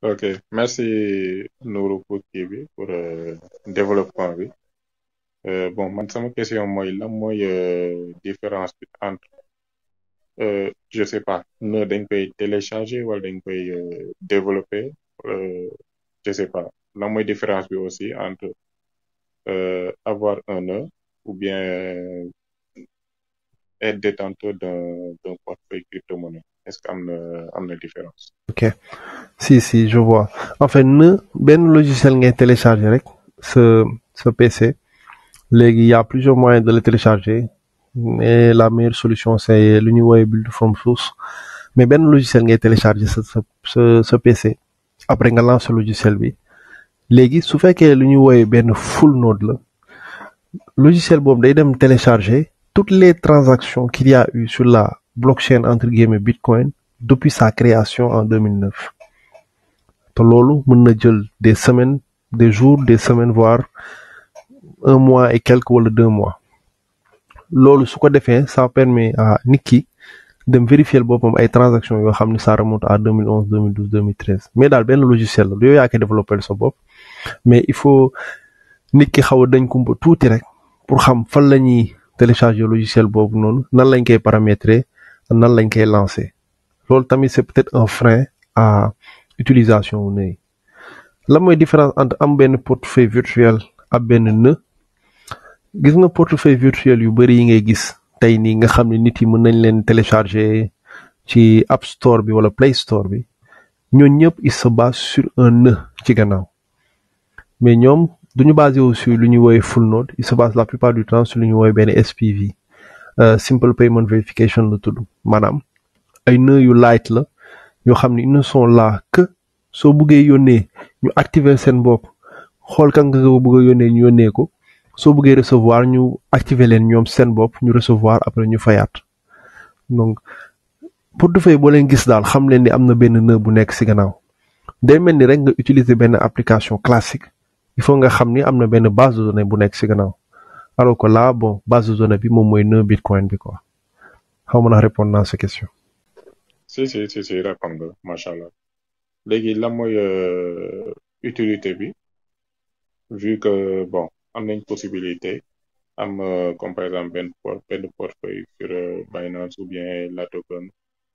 ok merci Nourou pour kii bi pour euh, développement bi euh, bon man sama question mooy lan mooy euh, différence bi entre je sais pas nœud dañ koy télécharger wala dañ koy développer je sais pas lan mooy différence bi aussi entre avoir un nœud e ou bien être détenteur d'un portefeuille crypto-monnaie. Est-ce qu'il y a une différence? Ok. Si, si, je vois. En fait, nous, ben logiciel est téléchargé avec ce, ce PC. Il y a plusieurs moyens de le télécharger. Mais la meilleure solution, c'est le build from source. Mais ben logiciel est téléchargé ce, ce, ce PC. Après, nga lance logiciel bi. qui su que lu ñu ben full node le logiciel boobu day dem télécharger toutes les transactions qu'il y a eu sur la blockchain entre guillemets Bitcoin depuis sa création en 2009 te loolu des semaines des jours des semaines voire un mois et quelques ou deux mois ce ce ko fait ça permet à Niki de vérifier les ay transactions ça remonte à 2011 2012 2013 mais dans le logiciel y a développeurs développé le mais il faut que xaw tout direct pour xam télécharger le logiciel bob non nan lañ koy paramétrer nan lañ koy lancer lol tamit c'est peut-être un frein à utilisation né e la moy différence entre am ben portefeuille virtuel à ben ne gis nga portefeuille virtuel yu bari yi ngay gis tay ni nga xamni nit yi mën nañ len télécharger ci App Store bi wala Play Store bi ñooñu ñëpp ils se basent sur un ne. ci gannaaw mais ñoom nous basé sur le niveau full node il se base la plupart du temps sur le niveau ben SPV euh, simple payment verification le tout madame ay nœud light la yoo xamni ne ils ne sont là que so buggee yónnee ñu activer un bop xol kan nga ko bëgg ñu yónnee ko recevoir ñu activer len ñom un bop ñu recevoir après ñu fayat donc pour de len gis dal xam len ni amna ben benn nœud bu nekk ci gannaaw day melni rek nga utiliser ben application classique il faut nga xamni amna ben base de données bu nek alors que là bon base de données bi mom moy bitcoin bi quoi xaw répondre à cette question. si si si si répondre macha La léegi euh, utilité vu que bon am une possibilité am euh, comme par exemple benn benn portefeuille sur euh, Binance ou bien la token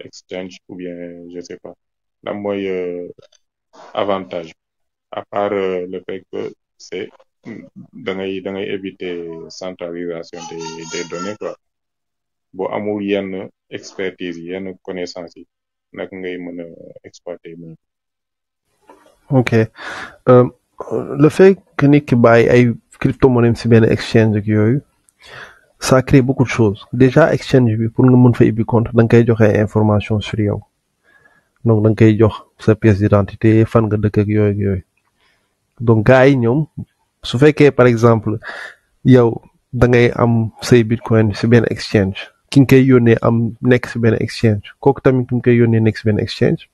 exchange ou bien je sais pas La mooy avantage à part euh, le fait que c'est da la éviter centralisation des données quoi y a yenn expertise y yenn connaissance yi nag ngay exploiter ok euh, le fait que nit ki bàyyi ay crypto-monnaie ci l'exchange exchange a eu, ça crée beaucoup de choses déjà exchange pour le monde fa du compte da joxe information sur yow donc da nga sa pièce d'identité fan de dëkk ak donc gars ñom su fekkee par exemple yow da ngay am say bitcoin ci ben exchange ki nga koy yónnee am nek ci ben exchange kooku tamit ki koy yone nek ci ben exchange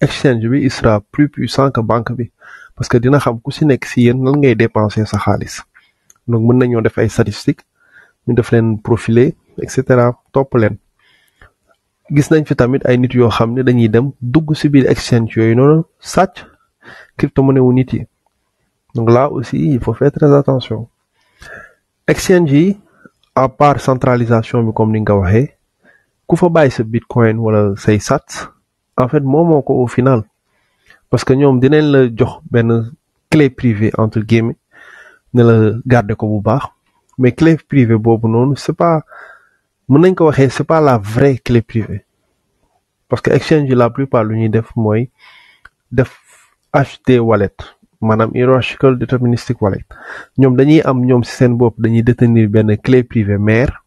exchange bi il sera plus puissant que banque bi parce que dina xam ku si nek ci yéen nan ngay dépenser sa xaliss donc mën nañu def ay statistiques ñu def len profiler et cetera topp leen gis nañ fi tamit ay nit yo xam dañuy dem dugg ci biir exchange yoy non, sàcc crypto monnaie wu nit yi. Donc là aussi, il faut faire très attention. Exchange, à part centralisation comme ni nga dit, quand fa bitcoin ou ce sat, en fait moi, au final parce que nous, avons la jox clé privée entre guillemets ne le garder comme bu mais clé privée non c'est pas c'est pas la vraie clé privée parce que exchange la plupart lu gens def acheté des acheter wallet maanaam hierarchical deterministic wallet ñom dañuy am ñom ci seen bop dañuy détenir ben clé privée mère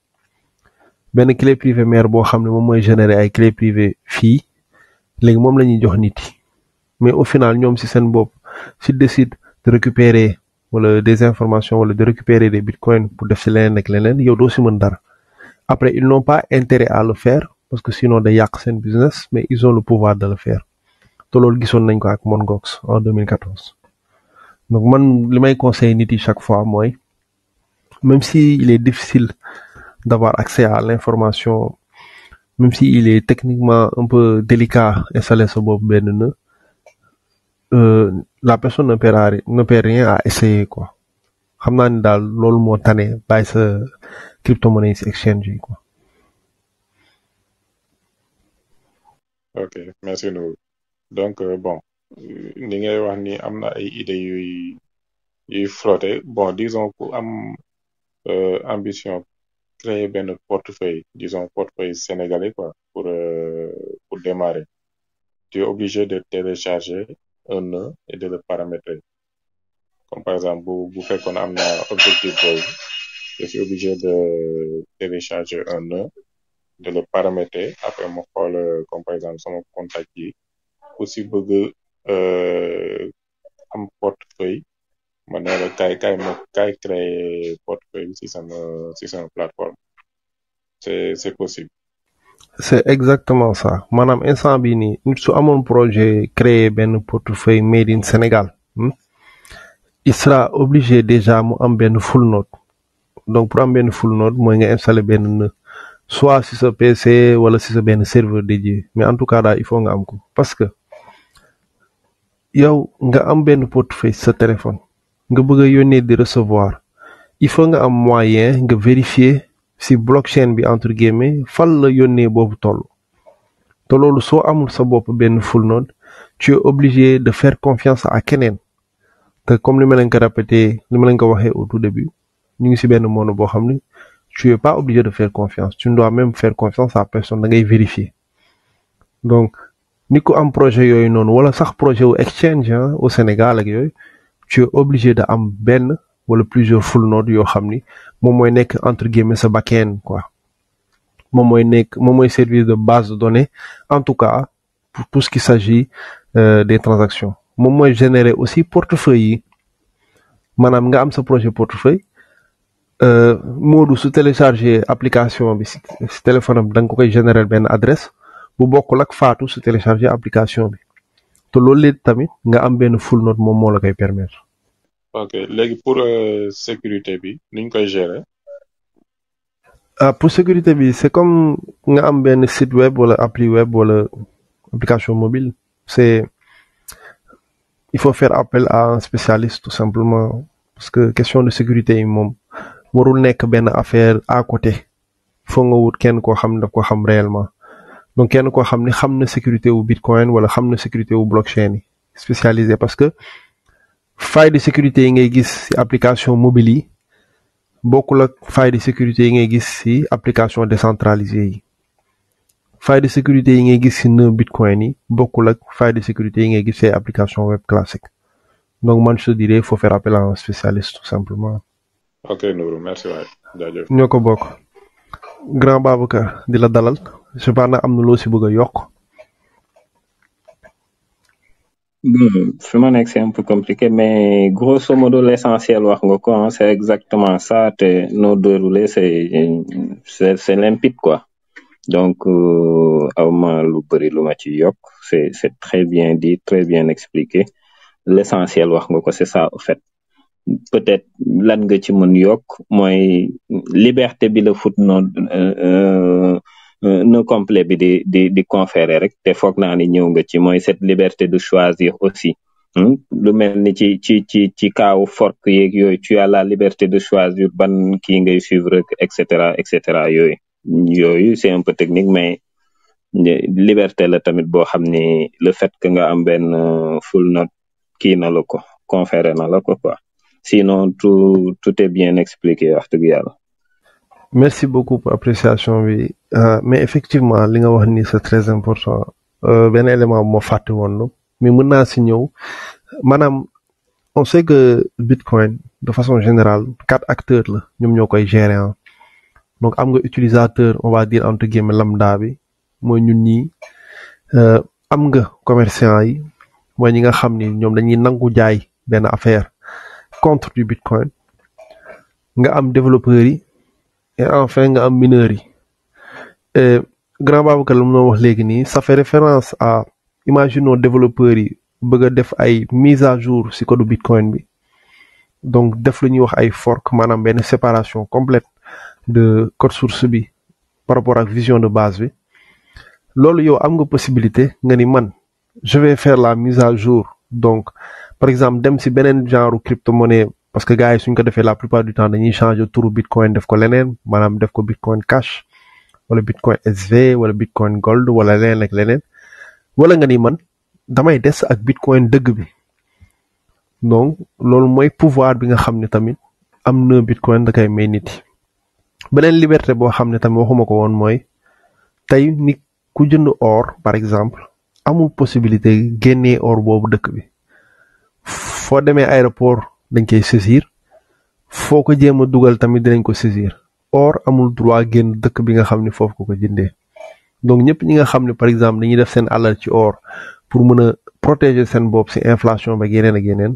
ben clé privée mère bo xam mom moy générer ay clé privée fi léegi mom lañuy jox nit mais au final ñom ci seen bop ci décide de récupérer wala des informations wala de récupérer des bitcoins pour def ci leneen ak leneen yow do ci mën après ils n'ont pas intérêt à le faire parce que sinon day yak seen business mais ils ont le pouvoir de le faire to lol gisoon nañ ko ak Mongox en 2014 donc man li may conseil nit chaque fois moi, même si il est difficile d'avoir accès à l'information même si il est techniquement un peu délicat installer ce bob euh, la personne ne perd rien à essayer quoi xam naa ni daal loolu moo tane bàyyi crypto-monnaie exchange quoi. ok merci nous. donc euh, bon. li ngay wax ni am na ay idées yuy yuy flotté bon disons ku am euh, ambition créer benn portefeuille dison portefeuille sénégalais quoi pour euh, pour démarrer tu obliger de télécharger un nœud et de le paramétrer comme par exemple bu bu fekkoon am na objectif boobu je suis obligé de télécharger un nœud de le paramétrer après ma xool euh, comme par exemple sama contact yi ku si bëgg Euh, am portefeuille ma ne la kay kay ma kay créé portefeuille bi si sama si sama plateforme c'est c'est possible. c'est exactement ça manam instant bi ni nit su amone projet créer ben portefeuille made in Sénégal hm? il sera obligé déjà mu am ben full note donc pour am ben full note mooy nga installer ben soit si sa PC wala si sa ben serveur dédié mais en tout cas daal il faut nga am ko parce que yow nga am benn portefeuille sa téléphone nga bëgg a yónnee di recevoir il faut nga am moyen nga vérifier si blockchain bi entre guillemets fan la yónnee boobu toll te loolu soo amul sa bopp benn full node tu es obligé de faire confiance à keneen te comme li ma leen ko répété li ma leen ko waxee au tout début ñu ngi si benn mono boo xam ne tu es pas obligé de faire confiance tu ne dois même faire confiance à personne da ngay vérifier donc niko am projet yoy un wala sax projet wu exchange hein, au Sénégal ak tu es obligé de am ben wala plusieurs full node yo xamni mom moy nek entre guillemets sa backend quoi mom moy nek mom service de base de données en tout cas pour tout ce qui s'agit euh, des transactions mom moy générer aussi portefeuille manam nga am sa projet portefeuille euh, modou su télécharger application bi si téléphone am dang ko koy générer ben adresse bu bokul ak faatu su télécharger application bi te loolu léegi tamit nga am benn full note moom moo la koy permettre. ok léegi pour euh, sécurité bi niñ koy gérer. ah pour sécurité bi c'est comme nga am benn site web wala appli web wala application mobile c'est il faut faire appel à un spécialiste tout simplement parce que question de sécurité yi moom warul nekk benn affaire à côté foo nga wut kenn koo xam ne daf ko xam réellement donc kenn koo xam ne xam na sécurité wu bitcoin wala xam sécurité wu blockchain yi spécialisé parce que faille de sécurité yi ngay application mobile yi bokkul ak faille de sécurité yi ngay application décentralisée yi faille de sécurité yi ngay gis ci nœud bitcoin yi bokkul ak faille de sécurité yi ngay gis application web classique donc man je dirais faut faire appel à un spécialiste tout simplement. ok Nourou merci waay jaajëf. ñoo ko bokk. grand Babacar di la dalal cependant am na loo si yok a yokk. Bon, c'est un peu compliqué, mais grosso modo, l'essentiel, c'est exactement ça. E Nos deux roulés, c'est c'est e, limpide, quoi. Donc, c'est uh, c'est très bien dit, très bien expliqué. L'essentiel, c'est ça, au fait. Peut-être, là, que tu mon yok, moi, liberté, le foot, non, euh, euh, euh, no complet bi di di di conférer rek té foog na ni ñëw nga ci moy cette liberté de choisir aussi hmm? lu mel ni ci ci ci ci kaaw fork yeeg yoy tu as la liberté de choisir ban kii ngay suivre et cetera et cetera c'est un peu technique mais liberté la tamit bo xam le fait que nga am ben full note qui na la ko conféré na la quoi sinon tout tout est bien expliqué wax dëgg merci beaucoup pour appréciation bi euh, mais effectivement li nga wax ni c'est très important ben élément bu ma fàtte woon mais mën si ñëw Manam on sait que bitcoin de façon générale quatre acteurs la ñom ñoo koy gérer hein. donc am nga utilisateur on va dire entre guillemets lambda bi moy ñun ñi euh, am nga commerçant yi moy ñi nga xam ni ñoom dañuy nangu jaay ben affaire contre du bitcoin nga am développeurs yi et enfin nga am mineurs yi eh, grand Babacar que wax ça fait référence à imaginons développeurs yi bëgg a def ay mise à jour le code bitcoin bi donc def lu wax fork manam ben séparation complète de code source bi par rapport à vision de base bi loolu yow am nga possibilité nga man je vais faire la mise à jour donc par exemple dem si un genre crypto-monnaie parce que gars yi suñ ko fait la plupart du temps dañuy changer du bitcoin def ko lenen manam def ko bitcoin cash wala bitcoin SV wala bitcoin gold wala leneen ak leneen wala nga ni man damay des ak bitcoin dëgg bi donc loolu mooy pouvoir bi nga xam ne tamit am na bitcoin da koy may nit yi beneen liberté boo xam ne tamit waxuma ko woon mooy tey nit ku jënd or par exemple amul possibilité génnee or boobu dëkk bi foo demee aéroport dañ koy saisir foo ko jéem a dugal tamit dinañ ko saisir or amul droit génn dëkk bi nga xam ne foofu ko ko jëndee donc ñëpp ñi nga xam par exemple dañuy def seen ci or pour mën a protéger seen bopp si inflation ba yeneen ak yeneen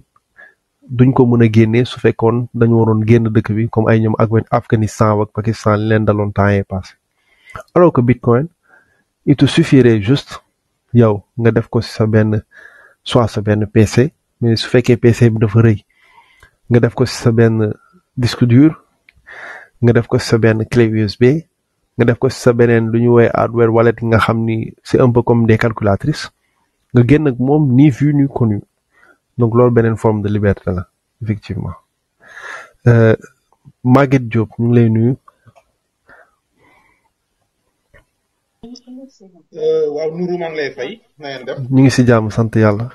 duñ ko mën a génnee su fekkoon dañu waroon génn dëkk bi comme ay ñoom ak afghanistan ak pakistan li leen daloon temps yee passé alors que bitcoin il te suffirait juste yow nga def ko si sa benn soit sa benn pc mais su fekkee pc bi dafa rëy nga def ko si sa benn disque dur nga def ko sa benn clé USB nga def ko sa beneen lu ñu woowee hardware wallet nga xam ni c'est un peu comme des calculatrices nga génn ak moom ni vu ni connu donc loolu beneen forme de liberté la effectivement euh, Maguette Diop ñu ngi lay nuyu. Euh, waaw nuru maa ngi lay fay na ngeen def. ñu ngi si jàmm sant yàlla.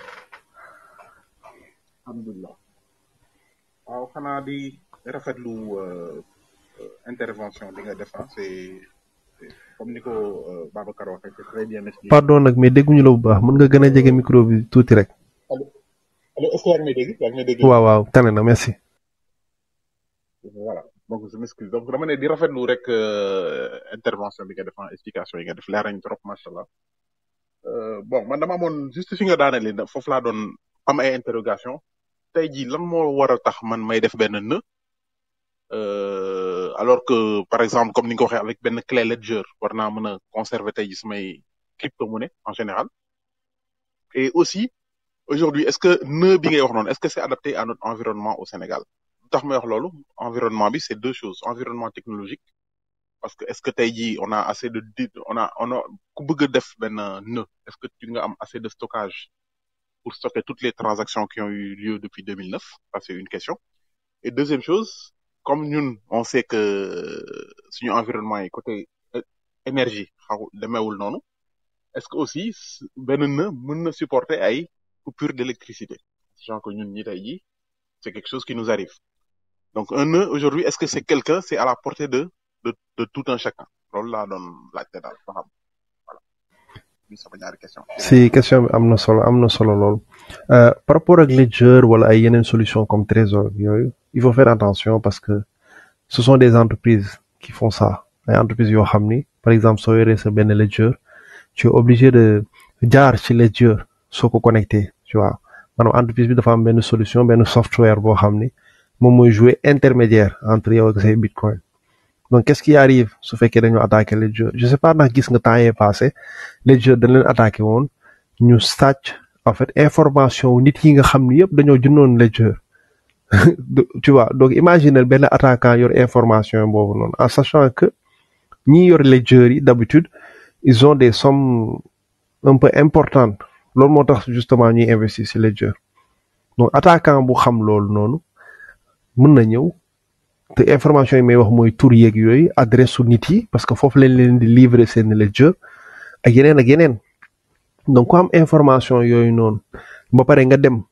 alhamdulilah. waaw xanaa di rafetlu. Euh, intervention bi nga def comme ni ko euh, Babacar waxee c'est très bien expliqué. pardon nag mais dégguñu la bu baax mën nga gën a jege micro bi tuuti rek. allo allo est-ce que yaa ngi may dégg yaa may dégg. waaw waaw tane na merci. voilà donc je m'excuse donc dama ne di rafetlu rek euh, intervention bi nga def explication yi nga def leer trop macha allah. Euh, bon man dama amoon juste fi nga daanale foofu laa doon am ay interrogation tey jii lan moo war a tax man may def benn në. alors que par exemple comme ni ko avec Ben clé Ledger on conserver tay crypto-monnaie en général et aussi aujourd'hui est-ce que bi est-ce que c'est adapté à notre environnement au Sénégal environnement bi c'est deux choses environnement technologique parce que est-ce que tu ji on a assez de on a on a est-ce que tu nga assez de stockage pour stocker toutes les transactions qui ont eu lieu depuis 2009 c'est une question et deuxième chose comme nous, on sait que euh, suñu environnement est côté euh, énergie est-ce que aussi benn ne supporter ay coupure d'électricité sachant que c'est quelque chose qui nous arrive donc un aujourd'hui est-ce que c'est quelqu'un c'est à la portée de de tout un chacun si question bi am amna solo euh, par rapport ak Ledger wala ay yenen solution comme Trésor il faut faire attention parce que ce sont des entreprises qui font ça Les entreprises yo xamni par exemple soo c'est sa ben Ledger tu es obligé de jaar ci Ledger soko qu'on connecté tu vois maanaam entreprise bi dafa am une solution un software bo xamni mom moy jouer intermédiaire entre yow et bitcoin donc qu'est-ce qui arrive su fekkee dañoo attaqué les je sais pas gis nga temps yee passé les joueurs dañ leen attaqué woon ñu sàcc en fait information wu nit yi nga xam ni yëpp dañoo jëndoon les joueurs tu vois donc imagine benn attaquant yor information boobu noonu en sachant que ñi yor les joueurs yi d'habitude ils ont des sommes un peu importantes loolu moo tax justement ñuy investir si les joueurs donc attaquant bu xam loolu noonu mën na ñëw te information yi may wax moy tour yek yoy adresse nit yi parce que foofu lañ leen di livrer seen ledger ak yenen ak yenen donc quand am information yoy non ba pare nga dem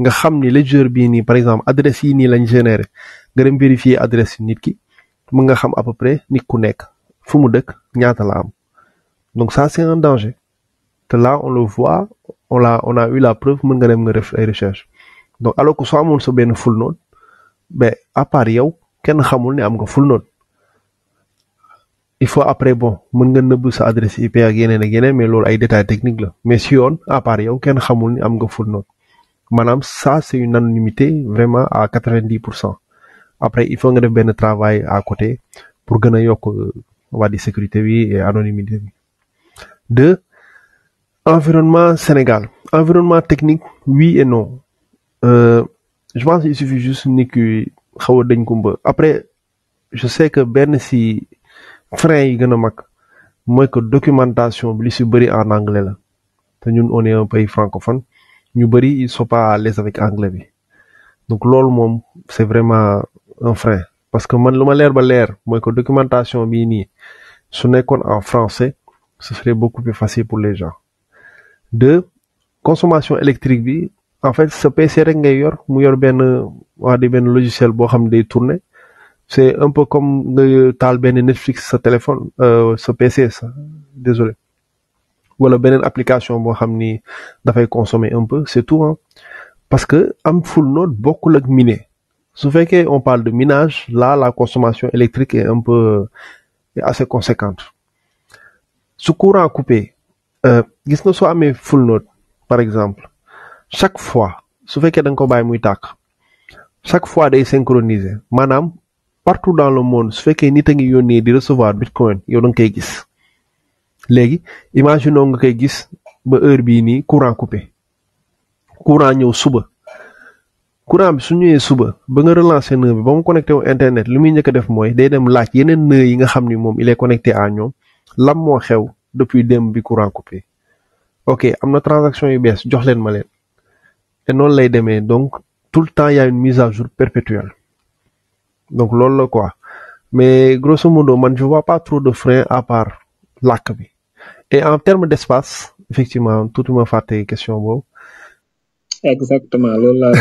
nga xam ni ledger bi ni par exemple adresse yi ni lañ générer nga dem vérifier adresse nit ki mën nga xam à peu près nit ku nek fu mu dëkk ñaata la am donc ça c'est un danger te là on le voit on l'a on a eu la preuve mën nga dem nga def ay recherche donc alors que soo amoon sa ben ful noonu ben à part yow kenn xamul ne am nga full node il faut après bon mën nga nëbb sa adresse IP ak yeneen ak yeneen mais loolu ay détails techniques la mais si yoon à part yow kenn xamul ni am nga full node maanaam ça c'est une anonymité vraiment à 90% après il faut nga def benn travail à côté pour gën a yokk euh, waa di sécurité bi et anonymité bi deux environnement Sénégal environnement technique oui et non euh, je pense qu'il suffit juste ni que après je sais que benn si frein yi gën a mag mooy que documentation bi li si en anglais la te ñun on est un pays francophone ñu bëri ils sont pas à l'aise avec anglais bi donc loolu c'est vraiment un frein parce que man lu ma leer ba leer mooy que documentation bi nii su nekkoon en français ce serait beaucoup plus facile pour les gens deux consommation électrique bi en fait ce PC rek ngay yor mu yor ben waa di ben logiciel bo xam day tourner c'est un peu comme nga tal ben Netflix sa téléphone euh, sa PC ça. désolé wala une application bo xam ni fay consommer un peu c'est tout hein parce que am full node bokul ak miner su fekkee on parle de minage là la consommation électrique est un peu assez conséquente su courant coupé euh, gis nga so amé full node par exemple chaque fois ce fait da ko bàyyi chaque fois day synchroniser Madame, partout dans le monde su fait nit a ngi yónnee di recevoir bitcoin yow da nga gis imaginons nga koy gis ba heure bi ni courant coupé courant ñeu suba courant bi su ñëwee suba ba nga relancer nœud bi ba mu connecté au internet li muy def moy day dem laaj yeneen nœud yi nga xamni mom il est connecté à ñom lam mo xew depuis dem bi courant coupé ok am transaction yu bees jox len ma et non lay demain. donc tout le temps il y a une mise à jour perpétuelle donc lol quoi mais grosso modo man je vois pas trop de freins à part la et en termes d'espace effectivement toute ma monde question questions. exactement lol là,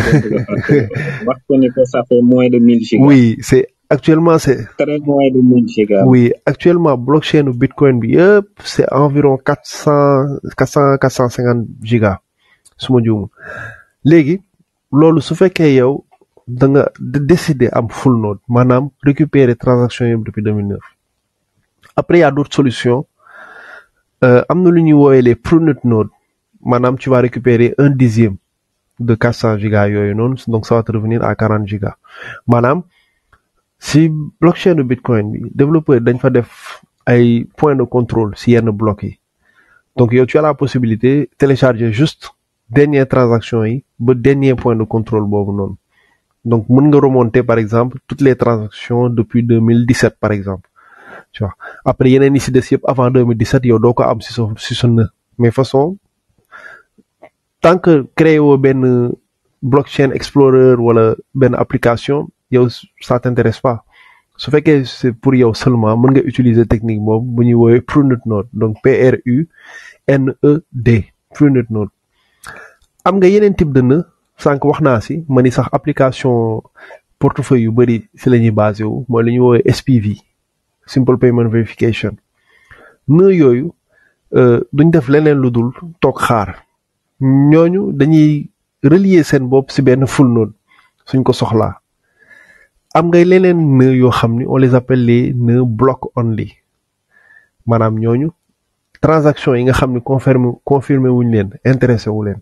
ça fait moins de 1000 gigas. oui c'est actuellement c'est. très moins de gigas. oui actuellement blockchain ou bitcoin c'est environ 400, 450 quatre cent quatre léegi lolou su fekké yow da nga décider am full node manam récupérer transaction depuis 2009 après il y a d'autres solutions euh niveau lu ñuy les prunet node tu vas récupérer un dixième de 400 gigas non donc ça va te revenir à 40 gigas manam si blockchain de bitcoin bi développeur dañ fa def ay points de contrôle si yenn bloqué. yi donc yow tu as la possibilité télécharger juste dernière transaction yi ba dernier point de contrôle bobu non. donc mën nga remonter par exemple toutes les transactions depuis 2017 par exemple tu vois après il yi si des yëpp avant 2017 yow doo ko am si sont, si mais façon tant que vous créez benn blockchain explorer wala benn application yow ça t'intéresse pas Ce fait que c'est pour yow seulement mën nga utiliser technique boobu bu ñuy Pruned donc P R U N E D Pruned Node am nga yeneen type de nœud sànq wax naa si ma ni sax application portefeuille yu bëri si la ñuy basé wu mooy li ñuy woowee SPV simple payment verification nœud yooyu euh, duñ def leneen lu dul toog xaar ñooñu dañuy relier seen bopp si benn full node suñ ko soxlaa am nga leneen nœud yoo xam ni on les appelle les nœuds block only maanaam ñooñu transaction yi nga xam ni confirmé confirmé wuñ leen intéressé wu leen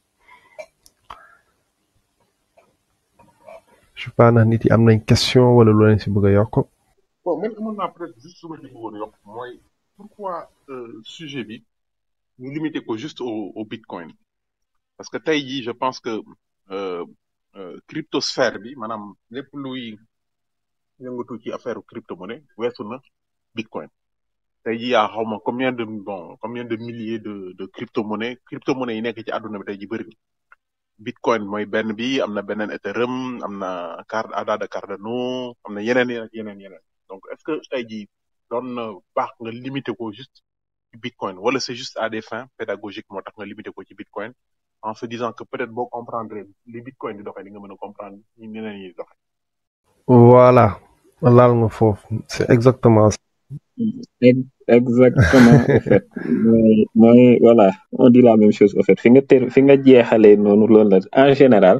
je sais pas ndax nit am nañ question wala lo leen si bëgg yokk. bon man amoon naa peut juste lu ma ci yokk moy pourquoi euh, sujet bi ñu limité ko juste au au bitcoin parce que tay ji je pense que euh, euh, cryptosphère bi manam lepp luy yëngatu ci affaire crypto-monnaie weesu na bitcoin tay ji ya xawma combien de bon combien de milliers de de crypto monnaie, crypto-monnaies yi nekk ci aduna bi tay ji bëri bitcoin mooy benn bi am na beneen ethereum am na card ada de cardano am na yeneen yeneen yeneen donc est-ce que je jii doon na baax nga limité ko juste ci bitcoin wala c'est juste à des fins pédagogiques moo tax nga limité ko ci bitcoin en se disant que peut-être boo comprendre les bitcoin di doxee di nga comprendre ñi ñeneen yi voilà laal nga c'est exactement ça mm exactement fait voilà on dit la même chose en fait en général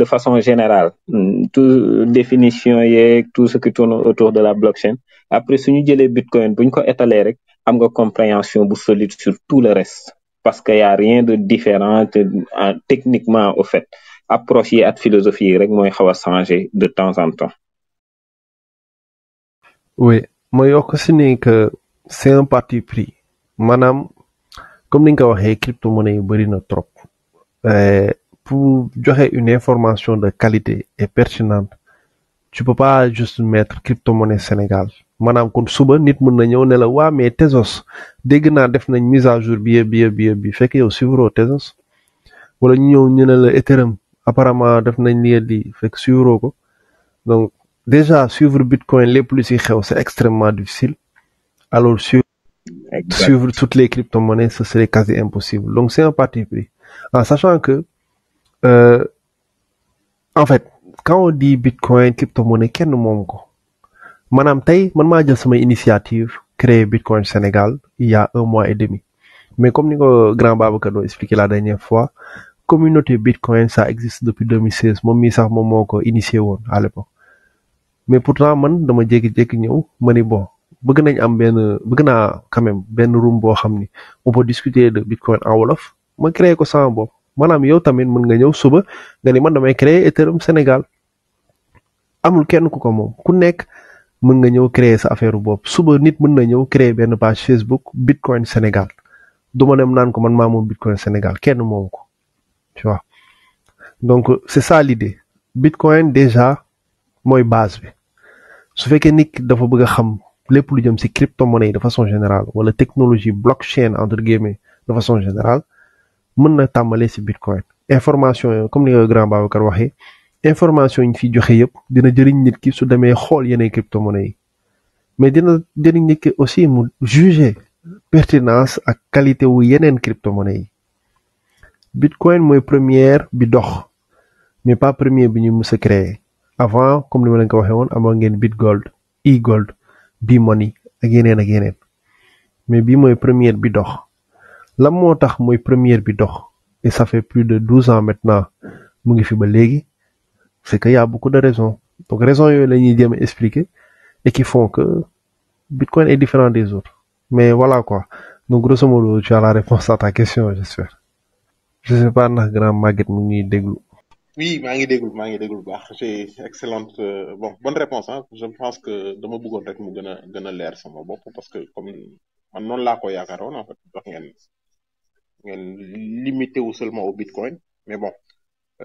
de façon générale mm, toute définition et tout ce qui tourne autour de la blockchain après suñu avons bitcoin buñ ko étaler rek am compréhension solide sur tout le reste parce qu'il y a rien de différent techniquement au fait approché à philosophie rek changer de temps en temps oui ma yokk si ni que c'est un parti pris maanaam comme ni nga waxee crypto monnaie yi na trop eh, pour joxe une information de qualité et pertinente tu peux pas juste mettre crypto monnaie Sénégal maanaam kon suba nit mën na ñëw ne la waa mais Tezos dégg naa def nañ mise à jour bi bi bi bi fekk yow suivre Tezos wala ñu ñëw ñu ne la Ethereum apparemment def nañ lii di fekk suivre ko donc déjà suivre Bitcoin les plus riches c'est extrêmement difficile alors suivre toutes les crypto-monnaies ce serait quasi impossible donc c'est un parti pris en sachant que euh, en fait quand on dit Bitcoin crypto-monnaie ce ko maanaam Madame man maa j'ai mon initiative créer Bitcoin Sénégal il y a un mois et demi mais comme le grand barbecue a expliqué la dernière fois communauté Bitcoin ça existe depuis 2016 moom suis sax initié à l'époque mais pour pourtant man dama jékki-jékki ñëw ma ni bon bëgg nañ am benn bëgg naa quand benn room boo xam ni on peut discuter de bitcoin en wolof ma créé ko sama bopp maanaam yow tamit mën nga ñëw suba nga ni man damay créer Ethereum Sénégal amul kenn ku ko moom ku nekk mën nga ñëw créer sa affaire bopp suba nit mën na ñëw créer benn page Facebook bitcoin Sénégal du ma dem naan ko man maa moom bitcoin Sénégal kenn moomu ko tu donc c'est ça l'idée bitcoin déjà mooy base bi. su fekkee nit dafa bëgg a xam lépp lu jëm ci crypto-monnaie de façon générale wala technologie blockchain entre guillemets de façon générale mën na tàmbalee ci bitcoin information comme ni nga grand Babacar waxee information yi fi fiy joxe yëpp dina jëriñ nit ki su demee xool yeneen crypto-monnaie yi mais dina jëriñ nit ki aussi mu juger pertinence ak qualité wu yeneen crypto-monnaie yi bitcoin mooy première bi dox mais pas premier bi ñu mës a créer avant comme ni ma leen ko waxee woon bit Gold, e eGold B-Money ak yeneen ak mais bi moy première bi dox lan motax première bi et ça fait plus de 12 ans maintenant que je fi ba c'est que y a beaucoup de raisons donc raisons yoy lañuy jëm expliquer et qui font que Bitcoin est différent des autres mais voilà quoi donc grosso modo tu as la réponse à ta question j'espère je sais pas na grand Maguette mu ngi déglu oui mangi ngi déglu maa ngi déglu bu c'est excellente euh, bon bonne réponse hein. je pense que dama bëggoon rek mu me gëna gën l'air, leer sama bon, parce que comme man il y ko carrément, en fait wax ngeen ngeen limité wu seulement au bitcoin mais bon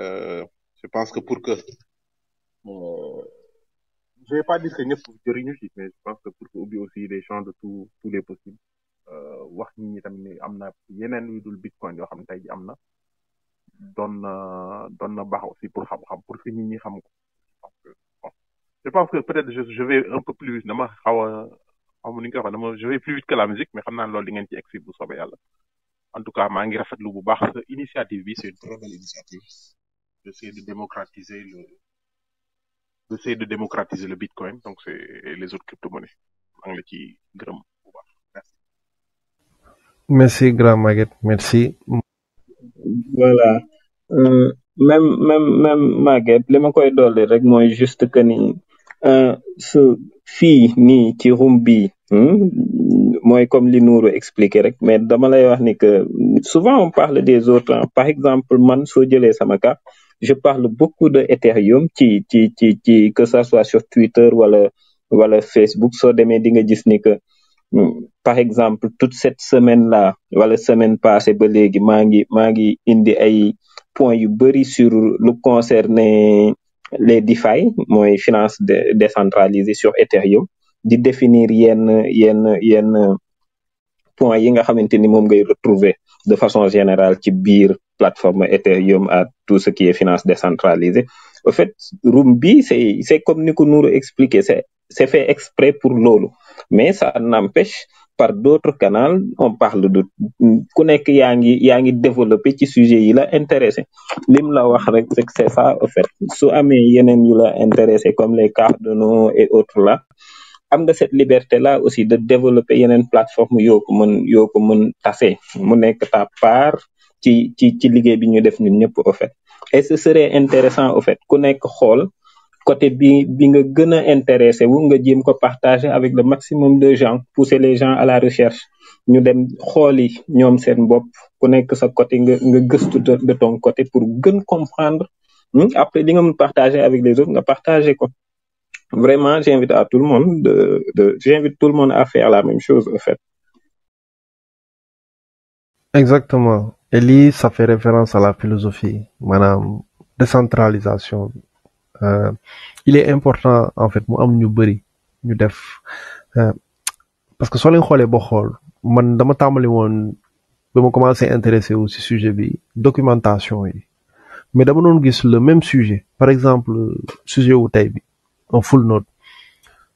euh, je pense que pour que euh, je vais pas dire que pour jëriñu ci mais je pense que pour que ubbi aussi les champs de tout tous les possibles euh, wax nit ñi tamit ni am na yeneen yu dul bitcoin yo xamni tay tey ji doon na doon na aussi pour xam-xam pour que nit ñi xam ko parce que je pense que peut-être je je vais un peu plus dama xaw a xamu ni nga ko dama je vais plus vite que la musique mais xam naa loolu di ngeen ci egsi bu soobee yàlla en tout cas maa ngi rafetlu bu baax initiative bi c'est une très belle initiative d'essayer de démocratiser le d'essayer de démocratiser le bitcoin donc c'est les autres crypto-monnaies maa ngi la ci gërëm bu baax merci. merci grand Maguette merci. voilà. Euh, même même même Maguette li ma koy dolé rek moy juste que ni euh, su ce nii ci rum bii hmm, moy comme li Nourou expliquer rek mais dama lay wax ni que souvent on parle des autres hein. par exemple man so jëlee sama cas je parle beaucoup de Ethereum ci ci ci ci que ça soit sur Twitter wala wala Facebook so demee di nga gis ni que hmm, par exemple toute cette semaine là wala semaine passée ba légui Mangi mangi indi ay point yu point sur le concerné les DeFi les finance décentralisée sur Ethereum di définir yenn yenn yenn point yi nga ngay retrouver de façon générale ci la plateforme Ethereum à tout ce qui est finance décentralisée au fait room c'est comme nous nous Nour expliqué c'est fait exprès pour nous, mais ça n'empêche par d'autres canaux on parle de ku nekk yaa ngi développer ci sujet yi la intéressé lim la wax rek c'est que c'est ça au fait so amé yenen yu la intéressé comme les de cardinaux et autres là am nga cette liberté là aussi de développer une plateforme yo ko mën yo ko mën tafé mu nek ta part ci ci ci liggéey bi ñu def ñun fait et ce serait intéressant au fait ku nek xol côté bi nga intéressé partager avec le maximum de gens pousser les gens à la recherche ñu dem ku côté de ton côté pour comprendre hmm? après nga partager avec les autres partager quoi. vraiment j'invite à tout le monde de de j'invite tout le monde à faire la même chose en fait exactement et ça fait référence à la philosophie madame. décentralisation euh, il est important en fait mu am ñu bëri ñu def euh, parce que soo leen xoolee boo xool man dama tàmbali woon ba ma commencé intéressé wu sujet bi documentation yi mais dama doon gis le même sujet par exemple sujet wu tey bi en full note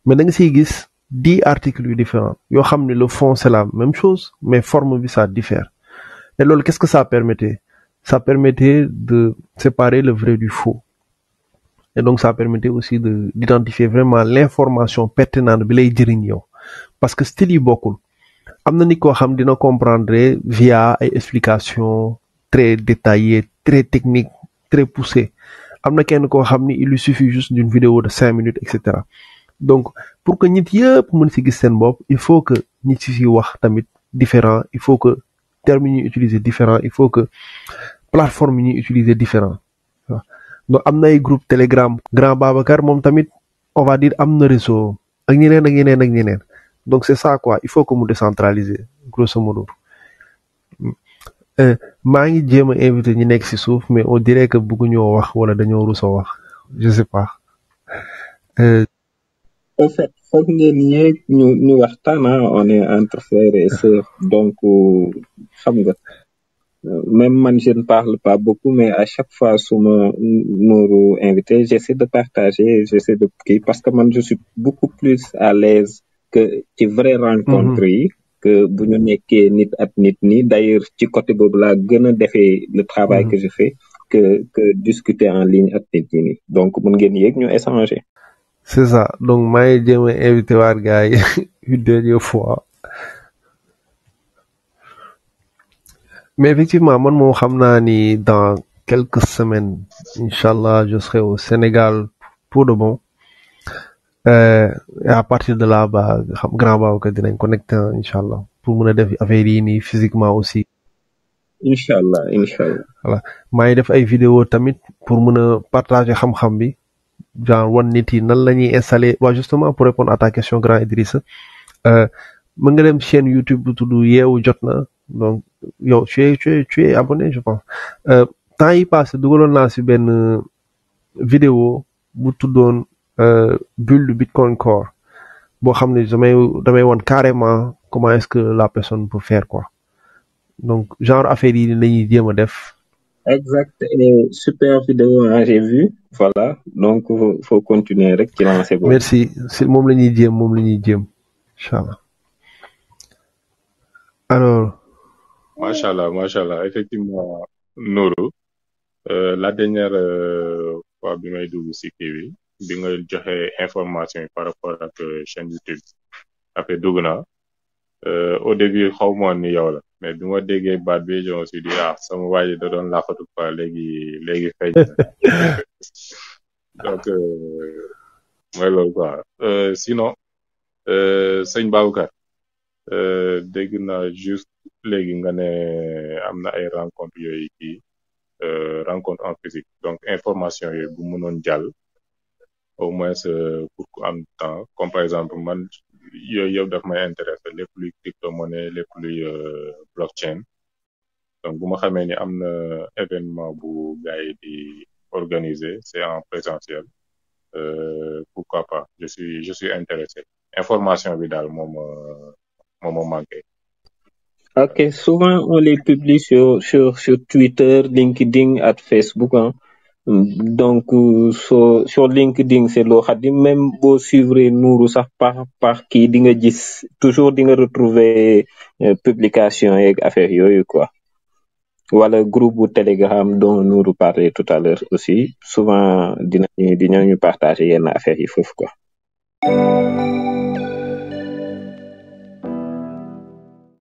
mais da nga siy gis dix articles différents yoo xam ne le fond c'est la même chose mais forme bi ça diffère et loolu qu'est-ce que ça permettait ça permettait de séparer le vrai du faux et donc ça permis aussi de d'identifier vraiment l'information pertinente bi lay jëriñ yow parce que style yi bokkul a na nit xam dina comprendre via ay explication très détaillée très technique très poussée amna kenn il lui suffit juste d'une vidéo de 5 minutes etc. donc pour que nit yëpp mën si gis sen il faut que nit ci wax tamit différent il faut que termes utiliser différent il faut que plateforme yi utiliser utiliser différent donc, am a ay groupe telegram grand Babacar moom on va dire am réseau ak donc c'est ça quoi il faut que vous décentraliser grosso modo euh, maa ngi jéem a invité mais on dirait que vous wax wala dañoo wax je sais pas. en euh, fait on ngeen ñu ah. on est entre frères et sœurs donc euh, xam même moi je ne parle pas beaucoup, mais à chaque fois, sous mon, mon invité, j'essaie de partager, j'essaie de, parce que moi, je suis beaucoup plus à l'aise que de vraie rencontre mhm. que vous ne nit à nit ni d'ailleurs ci côté de la gën a le travail mhm. que je fais que que discuter en ligne avec nit ni. donc mon ngeen nous échanger. c'est ça donc moi, je vais les invité gars une dernière fois. Mais effectivement, moi, mon Hamnani, dans quelques semaines, Inch'Allah, je serai au Sénégal pour de bon. Euh, et à partir de là, bah, grand bah, que dinañ connecté, Inch'Allah, pour mën a def affaire yi nii physiquement aussi. Inch'Allah, Inch'Allah. maa ngi def ay vidéo tamit pour mën a partager xam-xam bi. genre wan nit yi nan la ñuy installer waaw justement pour répondre à ta question grand Idrissa euh, mën nga dem chaîne YouTube bu tudd yeewu jot na donc Yo, tu es abonné je pense tant il passe une vidéo euh, bulle Bitcoin Core carrément comment est-ce que la personne peut faire quoi donc genre affaire yi est Exact, super vidéo, hein, j'ai vu. Voilà, donc il faut continuer Merci, c'est mon Alors, macha allah macha allah effectivement Nourou euh, la dernière euh, fois bi may dugg si kii bi bi nga joxe information yi par rapport ak euh, chaîne YouTube après dugg naa au début xaw ma woon ni yow la mais bi ma déggee baat bi je me suis dit ah sama waa ji da doon laaxatu quoi léegi léegi feeñ donc mooy loolu quoi sinon sëñ Babacar. Euh, dégg naa juste léegi nga ne am na ay rencontre yooyu kii euh, rencontre en physique donc information yooyu bu mënoon jàll au moins euh, pour ku am temps comme par exemple man daf may intéressé lépp luy crypto-monnaie lépp luy blockchain donc bu ma xamee ni am na événement bu gars di organiser c'est en présentiel pourquoi pas je suis je intéressé information bi daal moom moment Ok, souvent on les publie sur, sur, sur Twitter, LinkedIn, at Facebook. Hein. Donc, euh, sur LinkedIn, c'est loo même vous suivre nous ça par par qui toujours vous retrouver euh, publication et affaire Ou quoi. groupe Telegram dont nous parlait tout à l'heure aussi souvent nous partageons partager affaires quoi.